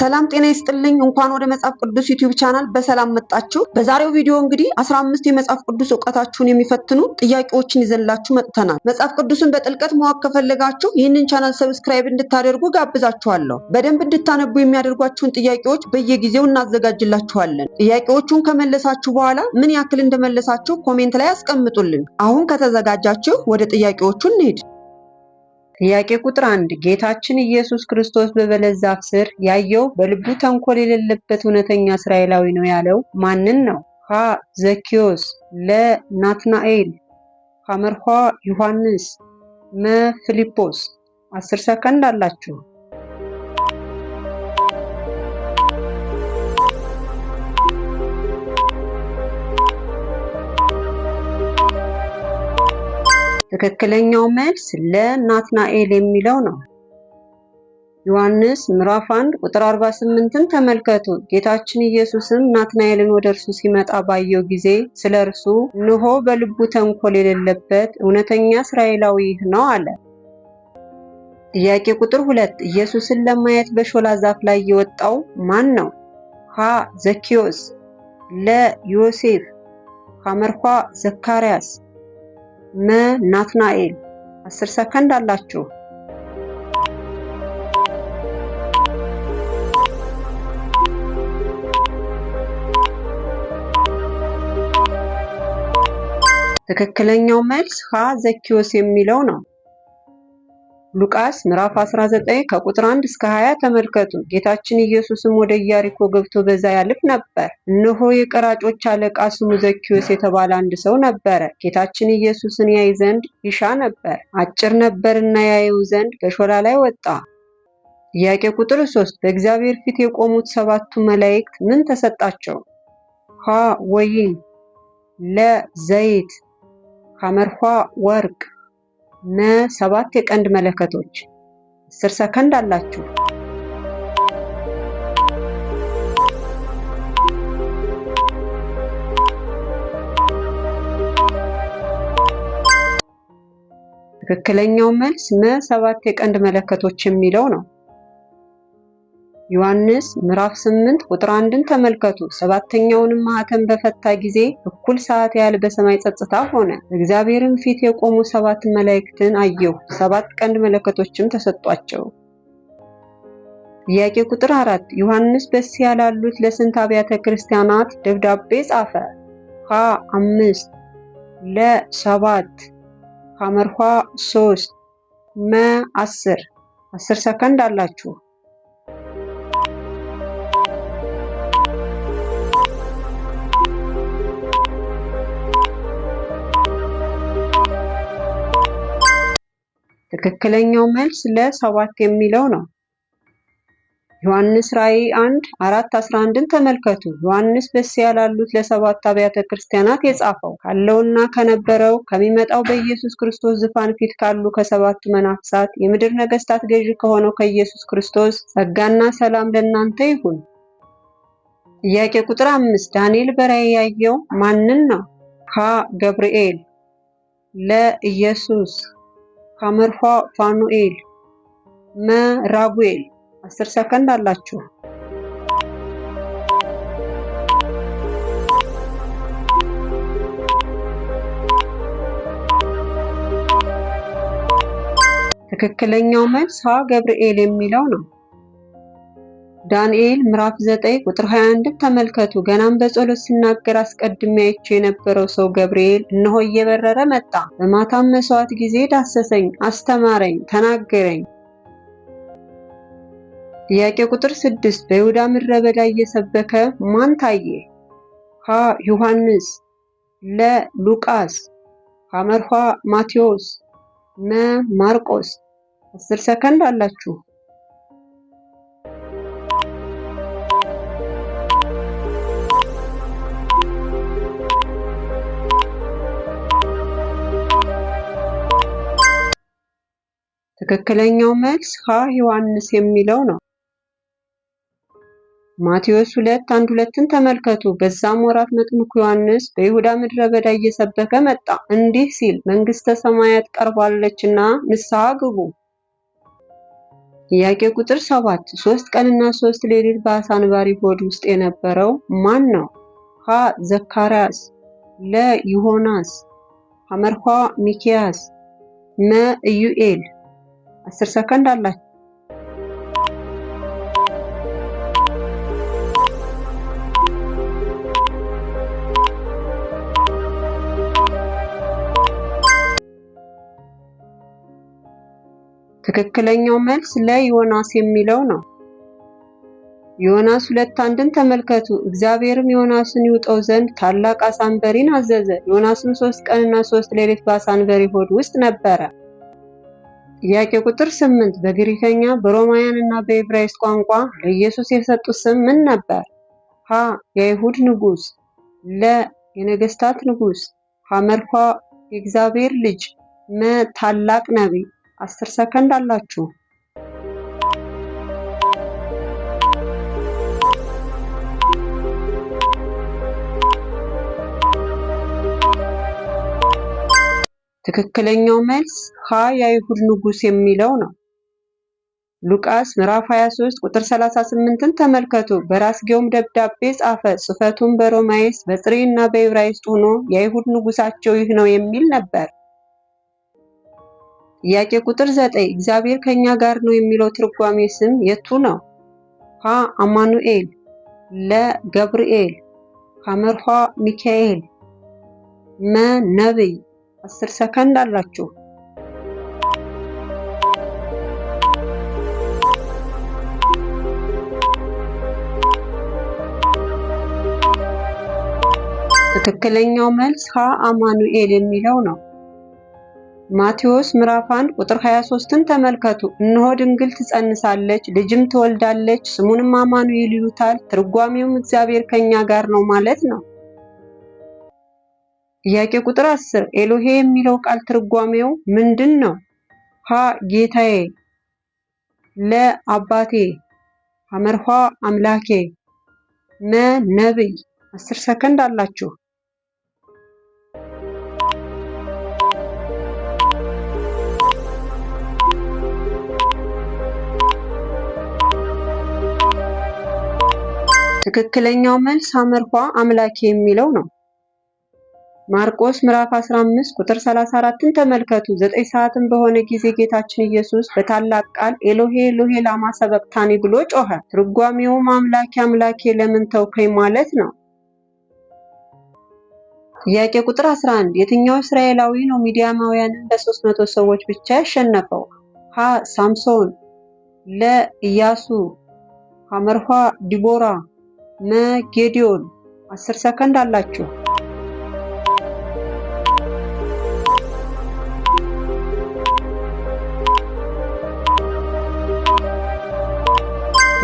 ሰላም ጤና ይስጥልኝ። እንኳን ወደ መጽሐፍ ቅዱስ ዩቲዩብ ቻናል በሰላም መጣችሁ። በዛሬው ቪዲዮ እንግዲህ አስራ አምስት የመጽሐፍ ቅዱስ እውቀታችሁን የሚፈትኑ ጥያቄዎችን ይዘንላችሁ መጥተናል። መጽሐፍ ቅዱስን በጥልቀት ማወቅ ከፈለጋችሁ ይህንን ቻናል ሰብስክራይብ እንድታደርጉ ጋብዛችኋለሁ። በደንብ እንድታነቡ የሚያደርጓችሁን ጥያቄዎች በየጊዜው እናዘጋጅላችኋለን። ጥያቄዎቹን ከመለሳችሁ በኋላ ምን ያክል እንደመለሳችሁ ኮሜንት ላይ አስቀምጡልን። አሁን ከተዘጋጃችሁ ወደ ጥያቄዎቹ እንሄድ። ጥያቄ ቁጥር አንድ ጌታችን ኢየሱስ ክርስቶስ በበለስ ዛፍ ስር ያየው በልቡ ተንኮል የሌለበት እውነተኛ እስራኤላዊ ነው ያለው ማንን ነው? ሀ ዘኪዮስ፣ ለ ናትናኤል፣ ሐመርኋ ዮሐንስ፣ መ ፊልጶስ። አስር ሰከንድ አላችሁ። ትክክለኛው መልስ ለናትናኤል የሚለው ነው። ዮሐንስ ምዕራፍ 1 ቁጥር 48ን ተመልከቱ። ጌታችን ኢየሱስም ናትናኤልን ወደ እርሱ ሲመጣ ባየው ጊዜ ስለ እርሱ እንሆ በልቡ ተንኮል የሌለበት እውነተኛ እስራኤላዊ ይህ ነው አለ። ጥያቄ ቁጥር 2 ኢየሱስን ለማየት በሾላ ዛፍ ላይ የወጣው ማን ነው? ሀ ዘኪዮስ፣ ለ ዮሴፍ፣ ሐመርኳ ዘካርያስ መ ናትናኤል አስር ሰከንድ አላችሁ። ትክክለኛው መልስ ሀ ዘኪዮስ የሚለው ነው። ሉቃስ ምዕራፍ 19 ከቁጥር 1 እስከ 20 ተመልከቱ። ጌታችን ኢየሱስም ወደ ኢያሪኮ ገብቶ በዛ ያልፍ ነበር። እነሆ የቀራጮች አለቃ ስሙ ዘኪዮስ የተባለ አንድ ሰው ነበረ። ጌታችን ኢየሱስን ያይ ዘንድ ይሻ ነበር፣ አጭር ነበርና ያየው ዘንድ በሾላ ላይ ወጣ። ጥያቄ ቁጥር 3 በእግዚአብሔር ፊት የቆሙት ሰባቱ መላእክት ምን ተሰጣቸው? ሀ ወይን፣ ለ ዘይት፣ ሐመርኋ ወርቅ ነ ሰባት የቀንድ መለከቶች አስር ሰከንድ አላችሁ። ትክክለኛው መልስ ነ ሰባት የቀንድ መለከቶች የሚለው ነው። ዮሐንስ ምዕራፍ 8 ቁጥር አንድን ተመልከቱ። ሰባተኛውንም ማኅተም በፈታ ጊዜ እኩል ሰዓት ያህል በሰማይ ጸጥታ ሆነ። እግዚአብሔርም ፊት የቆሙ ሰባት መላእክትን አየሁ። ሰባት ቀንድ መለከቶችም ተሰጧቸው። ጥያቄ ቁጥር አራት ዮሐንስ በእስያ ላሉት ለስንት አብያተ ክርስቲያናት ደብዳቤ ጻፈ? ሀ አምስት ለ ሰባት ሐመርኋ ሶስት መ አስር አስር ሰከንድ አላችሁ። ትክክለኛው መልስ ለሰባት የሚለው ነው። ዮሐንስ ራእይ 1 4 11ን ተመልከቱ። ዮሐንስ በእስያ ላሉት ለሰባት አብያተ ክርስቲያናት የጻፈው ካለውና ከነበረው ከሚመጣው በኢየሱስ ክርስቶስ ዙፋን ፊት ካሉ ከሰባቱ መናፍሳት የምድር ነገስታት ገዢ ከሆነው ከኢየሱስ ክርስቶስ ጸጋና ሰላም ለእናንተ ይሁን። ጥያቄ ቁጥር አምስት ዳንኤል በራእይ ያየው ማንን ነው? ሀ ገብርኤል፣ ለኢየሱስ ካመርኋ ፋኑኤል መራጉኤል አስር ሰከንድ አላችሁ። ትክክለኛው መልስ ሀ ገብርኤል የሚለው ነው። ዳንኤል ምዕራፍ 9 ቁጥር 21 ተመልከቱ። ገናም በጸሎት ስናገር አስቀድሜ አይቼ የነበረው ሰው ገብርኤል እነሆ እየበረረ መጣ፣ በማታም መስዋዕት ጊዜ ዳሰሰኝ፣ አስተማረኝ፣ ተናገረኝ። ጥያቄ ቁጥር 6 በይሁዳ ምድረ በዳ እየሰበከ ማን ታየ? ሀ ዮሐንስ፣ ለ ሉቃስ፣ ሐመርኋ ማቴዎስ፣ መ ማርቆስ። 10 ሰከንድ አላችሁ። ትክክለኛው መልስ ሀ ዮሐንስ የሚለው ነው። ማቴዎስ 2 አንድ ሁለትን ተመልከቱ። በዛም ወራት መጥምቁ ዮሐንስ በይሁዳ ምድረ በዳ እየሰበከ መጣ እንዲህ ሲል መንግስተ ሰማያት ቀርባለችና ንስሐ ግቡ። ጥያቄ ቁጥር ሰባት ሶስት ቀንና ሶስት ሌሊት በአሳ አንባሪ ሆድ ውስጥ የነበረው ማን ነው? ሀ ዘካርያስ፣ ለ ዮሐናስ፣ ሐመርኳ ሚኪያስ፣ መ ኢዩኤል አስር ሰከንድ አላት። ትክክለኛው መልስ ለዮናስ የሚለው ነው። ዮናስ ሁለት አንድን ተመልከቱ። እግዚአብሔርም ዮናስን ይውጠው ዘንድ ታላቅ አሳንበሪን አዘዘ። ዮናስም ሶስት ቀንና ሶስት ሌሊት በአሳንበሪ ሆድ ውስጥ ነበረ። ጥያቄ ቁጥር ስምንት በግሪከኛ በሮማውያን እና በዕብራይስጥ ቋንቋ ለኢየሱስ የሰጡት ስም ምን ነበር? ሀ የአይሁድ ንጉስ፣ ለ የነገስታት ንጉስ ሐመርኳ የእግዚአብሔር ልጅ፣ መ ታላቅ ነቢይ። አስር ሰከንድ አላችሁ። ትክክለኛው መልስ ሀ የአይሁድ ንጉስ የሚለው ነው። ሉቃስ ምዕራፍ 23 ቁጥር 38ን ተመልከቱ። በራስጌውም ደብዳቤ ጻፈ፣ ጽሕፈቱም በሮማይስጥ እና በዕብራይስጥ ሆኖ የአይሁድ ንጉሣቸው ይህ ነው የሚል ነበር። ጥያቄ ቁጥር 9 እግዚአብሔር ከኛ ጋር ነው የሚለው ትርጓሜ ስም የቱ ነው? ሀ አማኑኤል፣ ለ ገብርኤል፣ ሐመርሃ ሚካኤል፣ መ ነብይ አስር ሰከንድ አላችሁ። ትክክለኛው መልስ ሀ አማኑኤል የሚለው ነው። ማቴዎስ ምዕራፍ 1 ቁጥር 23ን ተመልከቱ። እነሆ ድንግል ትጸንሳለች፣ ልጅም ትወልዳለች፣ ስሙንም አማኑኤል ይሉታል። ትርጓሜውም እግዚአብሔር ከኛ ጋር ነው ማለት ነው። ጥያቄ ቁጥር 10 ኤሎሄ የሚለው ቃል ትርጓሜው ምንድን ነው? ሀ ጌታዬ፣ ለ አባቴ፣ ሐመርኋ አምላኬ፣ መ ነብይ። 10 ሰከንድ አላችሁ። ትክክለኛው መልስ ሐመርኋ አምላኬ የሚለው ነው። ማርቆስ ምዕራፍ 15 ቁጥር 34ን ተመልከቱ። ዘጠኝ ሰዓትም በሆነ ጊዜ ጌታችን ኢየሱስ በታላቅ ቃል ኤሎሄ ኤሎሄ ላማ ሰበቅታኒ ብሎ ጮኸ። ትርጓሜውም አምላኬ አምላኬ ለምን ተውከኝ ማለት ነው። ጥያቄ ቁጥር 11 የትኛው እስራኤላዊ ነው ሚዲያማውያንን በ መቶ ሰዎች ብቻ ያሸነፈው? ሀ ሳምሶን፣ ለ ኢያሱ፣ ሐመርኋ ዲቦራ፣ መ ጌዲዮን። 10 ሰከንድ አላችሁ።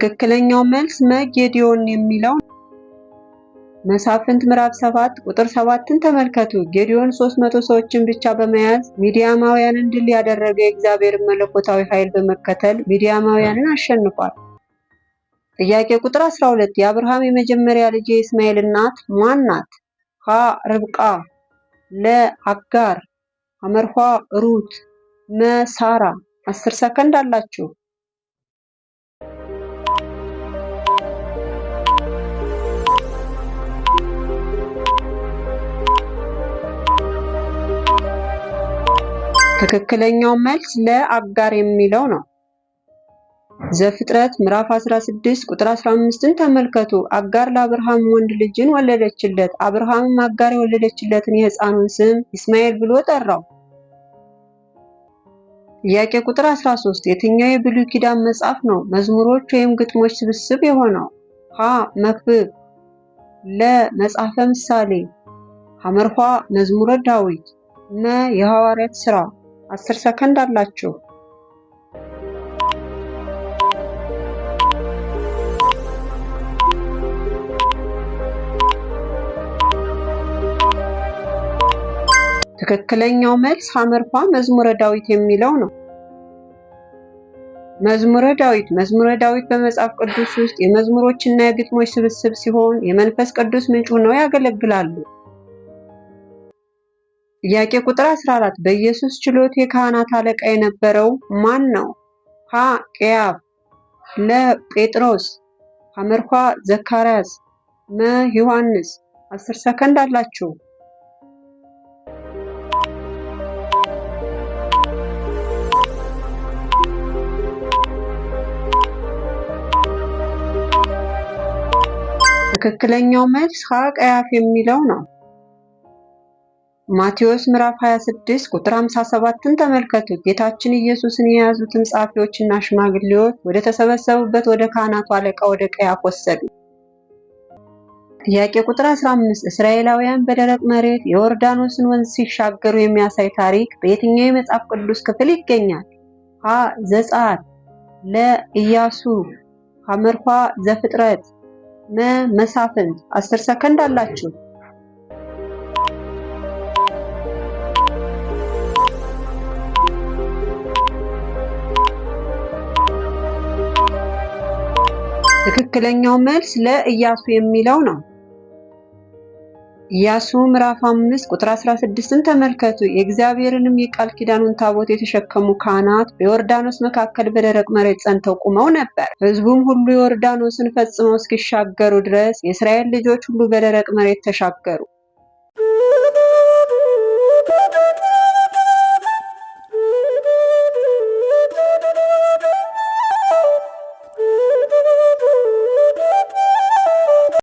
ትክክለኛው መልስ መጌዲዮን የሚለው መሳፍንት ምዕራፍ 7 ቁጥር 7ን ተመልከቱ። ጌዲዮን 300 ሰዎችን ብቻ በመያዝ ሚዲያማውያንን ድል ያደረገ የእግዚአብሔርን መለኮታዊ ኃይል በመከተል ሚዲያማውያንን አሸንፏል። ጥያቄ ቁጥር 12 የአብርሃም የመጀመሪያ ልጅ የእስማኤል እናት ማን ናት? ሀ ርብቃ፣ ለ አጋር፣ አመርኋ ሩት፣ መሳራ 10 ሰከንድ አላችሁ። ትክክለኛው መልስ ለአጋር የሚለው ነው። ዘፍጥረት ምዕራፍ 16 ቁጥር 15ን ተመልከቱ። አጋር ለአብርሃም ወንድ ልጅን ወለደችለት። አብርሃምም አጋር የወለደችለትን የሕፃኑን ስም ኢስማኤል ብሎ ጠራው። ጥያቄ ቁጥር 13 የትኛው የብሉይ ኪዳን መጽሐፍ ነው መዝሙሮች ወይም ግጥሞች ስብስብ የሆነው? ሀ መክብብ፣ ለ መጽሐፈ ምሳሌ፣ ሐመርኋ መዝሙረ ዳዊት፣ መ የሐዋርያት ሥራ አስር ሰከንድ አላችሁ። ትክክለኛው መልስ ሐመርፓ መዝሙረ ዳዊት የሚለው ነው። መዝሙረ ዳዊት መዝሙረ ዳዊት በመጽሐፍ ቅዱስ ውስጥ የመዝሙሮችና የግጥሞች ስብስብ ሲሆን የመንፈስ ቅዱስ ምንጭ ሆነው ያገለግላሉ። ጥያቄ ቁጥር 14 በኢየሱስ ችሎት የካህናት አለቃ የነበረው ማን ነው? ሀ ቀያፍ፣ ለ ጴጥሮስ፣ ሐመርኳ ዘካርያስ፣ መ ዮሐንስ። 10 ሰከንድ አላችሁ። ትክክለኛው መልስ ሀ ቀያፍ የሚለው ነው። ማቴዎስ ምዕራፍ 26 ቁጥር 57ን ተመልከቱ። ጌታችን ኢየሱስን የያዙትን ጻፊዎችና ሽማግሌዎች ወደ ተሰበሰቡበት ወደ ካህናቱ አለቃ ወደ ቀያፍ ወሰዱ። ጥያቄ ቁጥር 15 እስራኤላውያን በደረቅ መሬት የዮርዳኖስን ወንዝ ሲሻገሩ የሚያሳይ ታሪክ በየትኛው የመጽሐፍ ቅዱስ ክፍል ይገኛል? ሀ. ዘጸአት ለ. ኢያሱ ሐመርኋ ዘፍጥረት መ. መሳፍንት 10 ሰከንድ አላችሁ። ትክክለኛው መልስ ለኢያሱ የሚለው ነው። ኢያሱ ምዕራፍ 5 ቁጥር 16ን ተመልከቱ። የእግዚአብሔርንም የቃል ኪዳኑን ታቦት የተሸከሙ ካህናት በዮርዳኖስ መካከል በደረቅ መሬት ጸንተው ቁመው ነበር። ሕዝቡም ሁሉ ዮርዳኖስን ፈጽመው እስኪሻገሩ ድረስ የእስራኤል ልጆች ሁሉ በደረቅ መሬት ተሻገሩ።